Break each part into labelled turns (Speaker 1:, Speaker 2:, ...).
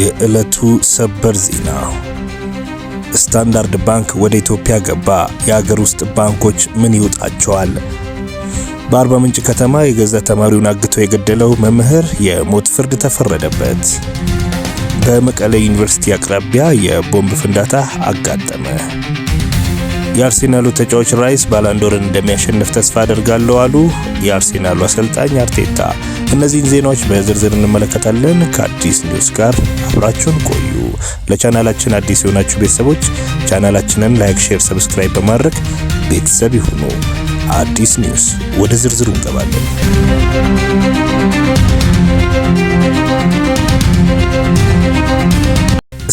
Speaker 1: የዕለቱ ሰበር ዜና ስታንዳርድ ባንክ ወደ ኢትዮጵያ ገባ። የሀገር ውስጥ ባንኮች ምን ይውጣቸዋል? በአርባ ምንጭ ከተማ የገዛ ተማሪውን አግቶ የገደለው መምህር የሞት ፍርድ ተፈረደበት። በመቀለ ዩኒቨርሲቲ አቅራቢያ የቦምብ ፍንዳታ አጋጠመ። የአርሴናሉ ተጫዋች ራይስ ባላንዶርን እንደሚያሸንፍ ተስፋ አደርጋለሁ አሉ የአርሴናሉ አሰልጣኝ አርቴታ። እነዚህን ዜናዎች በዝርዝር እንመለከታለን። ከአዲስ ኒውስ ጋር አብራችሁን ቆዩ። ለቻናላችን አዲስ የሆናችሁ ቤተሰቦች ቻናላችንን ላይክ፣ ሼር፣ ሰብስክራይብ በማድረግ ቤተሰብ ይሁኑ። አዲስ ኒውስ ወደ ዝርዝሩ እንገባለን።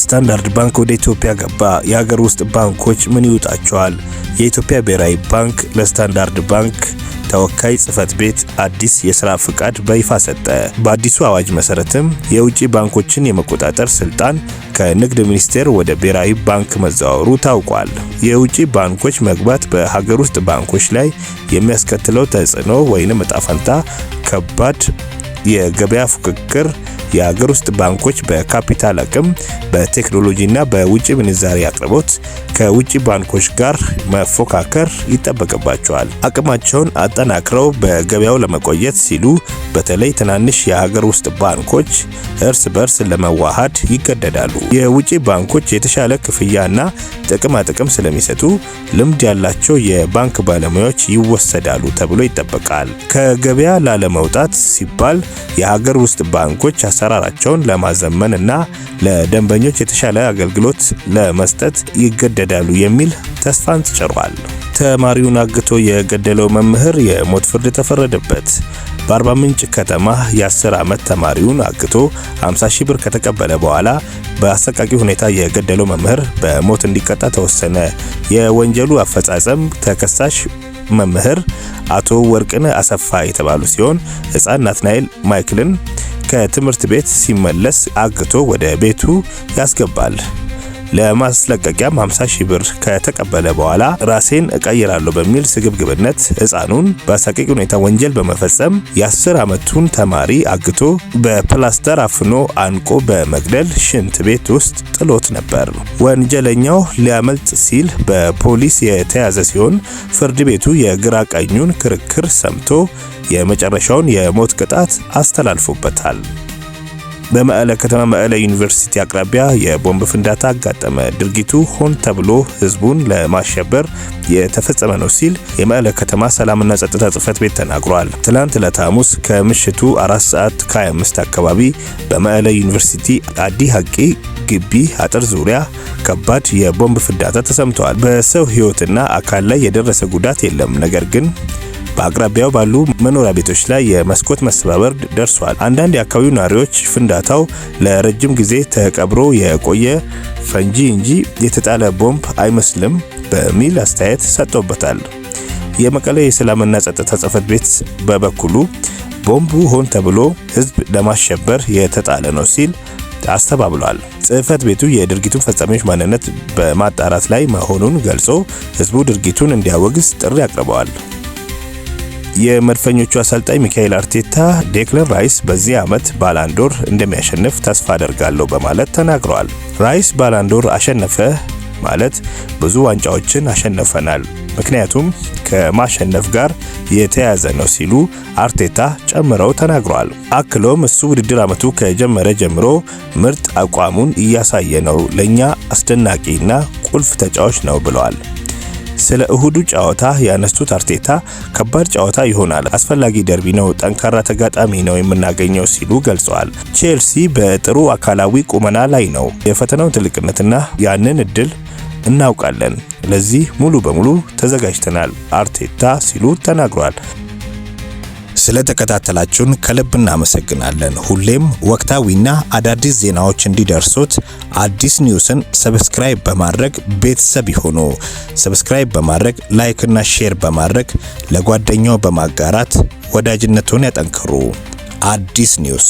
Speaker 1: ስታንዳርድ ባንክ ወደ ኢትዮጵያ ገባ። የሀገር ውስጥ ባንኮች ምን ይውጣቸዋል? የኢትዮጵያ ብሔራዊ ባንክ ለስታንዳርድ ባንክ ተወካይ ጽህፈት ቤት አዲስ የስራ ፍቃድ በይፋ ሰጠ። በአዲሱ አዋጅ መሰረትም የውጭ ባንኮችን የመቆጣጠር ስልጣን ከንግድ ሚኒስቴር ወደ ብሔራዊ ባንክ መዘዋወሩ ታውቋል። የውጭ ባንኮች መግባት በሀገር ውስጥ ባንኮች ላይ የሚያስከትለው ተጽዕኖ ወይንም እጣ ፈንታ ከባድ የገበያ ፉክክር የሀገር ውስጥ ባንኮች በካፒታል አቅም፣ በቴክኖሎጂና በውጭ ምንዛሬ አቅርቦት ከውጭ ባንኮች ጋር መፎካከር ይጠበቅባቸዋል። አቅማቸውን አጠናክረው በገበያው ለመቆየት ሲሉ በተለይ ትናንሽ የሀገር ውስጥ ባንኮች እርስ በርስ ለመዋሃድ ይገደዳሉ። የውጭ ባንኮች የተሻለ ክፍያና ጥቅማ ጥቅም ስለሚሰጡ ልምድ ያላቸው የባንክ ባለሙያዎች ይወሰዳሉ ተብሎ ይጠበቃል። ከገበያ ላለመውጣት ሲባል የሀገር ውስጥ ባንኮች አሰራራቸውን ለማዘመን እና ለደንበኞች የተሻለ አገልግሎት ለመስጠት ይገደዳሉ ይረዳሉ የሚል ተስፋን ጭሯል። ተማሪውን አግቶ የገደለው መምህር የሞት ፍርድ ተፈረደበት። በአርባ ምንጭ ከተማ የ10 ዓመት ተማሪውን አግቶ 50 ሺህ ብር ከተቀበለ በኋላ በአሰቃቂ ሁኔታ የገደለው መምህር በሞት እንዲቀጣ ተወሰነ። የወንጀሉ አፈጻጸም ተከሳሽ መምህር አቶ ወርቅነ አሰፋ የተባሉ ሲሆን ህፃን ናትናኤል ማይክልን ከትምህርት ቤት ሲመለስ አግቶ ወደ ቤቱ ያስገባል። ለማስለቀቂያም 50 ሺህ ብር ከተቀበለ በኋላ ራሴን እቀይራለሁ በሚል ስግብግብነት ህፃኑን በአሰቃቂ ሁኔታ ወንጀል በመፈጸም የ10 ዓመቱን ተማሪ አግቶ በፕላስተር አፍኖ አንቆ በመግደል ሽንት ቤት ውስጥ ጥሎት ነበር። ወንጀለኛው ሊያመልጥ ሲል በፖሊስ የተያዘ ሲሆን ፍርድ ቤቱ የግራ ቀኙን ክርክር ሰምቶ የመጨረሻውን የሞት ቅጣት አስተላልፎበታል። በመቀለ ከተማ መቀለ ዩኒቨርሲቲ አቅራቢያ የቦምብ ፍንዳታ አጋጠመ። ድርጊቱ ሆን ተብሎ ህዝቡን ለማሸበር የተፈጸመ ነው ሲል የመቀለ ከተማ ሰላምና ጸጥታ ጽህፈት ቤት ተናግሯል። ትላንት ለታሙስ ሐሙስ ከምሽቱ 4 ሰዓት ከ25 አካባቢ በመቀለ ዩኒቨርሲቲ አዲ ሀቂ ግቢ አጥር ዙሪያ ከባድ የቦምብ ፍንዳታ ተሰምተዋል። በሰው ህይወትና አካል ላይ የደረሰ ጉዳት የለም። ነገር ግን በአቅራቢያው ባሉ መኖሪያ ቤቶች ላይ የመስኮት መሰባበር ደርሷል። አንዳንድ የአካባቢው ነዋሪዎች ፍንዳታው ለረጅም ጊዜ ተቀብሮ የቆየ ፈንጂ እንጂ የተጣለ ቦምብ አይመስልም በሚል አስተያየት ሰጥቶበታል። የመቀለ የሰላምና ጸጥታ ጽህፈት ቤት በበኩሉ ቦምቡ ሆን ተብሎ ሕዝብ ለማሸበር የተጣለ ነው ሲል አስተባብሏል። ጽህፈት ቤቱ የድርጊቱን ፈጻሚዎች ማንነት በማጣራት ላይ መሆኑን ገልጾ ህዝቡ ድርጊቱን እንዲያወግዝ ጥሪ አቅርበዋል። የመድፈኞቹ አሰልጣኝ ሚካኤል አርቴታ ዴክለን ራይስ በዚህ ዓመት ባላንዶር እንደሚያሸንፍ ተስፋ አደርጋለሁ በማለት ተናግረዋል። ራይስ ባላንዶር አሸነፈ ማለት ብዙ ዋንጫዎችን አሸነፈናል። ምክንያቱም ከማሸነፍ ጋር የተያያዘ ነው ሲሉ አርቴታ ጨምረው ተናግረዋል። አክሎም እሱ ውድድር ዓመቱ ከጀመረ ጀምሮ ምርጥ አቋሙን እያሳየ ነው፣ ለእኛ አስደናቂና ቁልፍ ተጫዋች ነው ብለዋል። ስለ እሁዱ ጨዋታ ያነሱት አርቴታ ከባድ ጨዋታ ይሆናል፣ አስፈላጊ ደርቢ ነው፣ ጠንካራ ተጋጣሚ ነው የምናገኘው ሲሉ ገልጸዋል። ቼልሲ በጥሩ አካላዊ ቁመና ላይ ነው። የፈተናው ትልቅነትና ያንን እድል እናውቃለን። ለዚህ ሙሉ በሙሉ ተዘጋጅተናል አርቴታ ሲሉ ተናግሯል።
Speaker 2: ስለተከታተላችሁን ከልብ እናመሰግናለን። ሁሌም ወቅታዊና አዳዲስ ዜናዎች እንዲደርሱት አዲስ ኒውስን ሰብስክራይብ በማድረግ ቤተሰብ ይሁኑ። ሰብስክራይብ በማድረግ ላይክና ሼር በማድረግ ለጓደኛው በማጋራት ወዳጅነቱን ያጠንክሩ። አዲስ ኒውስ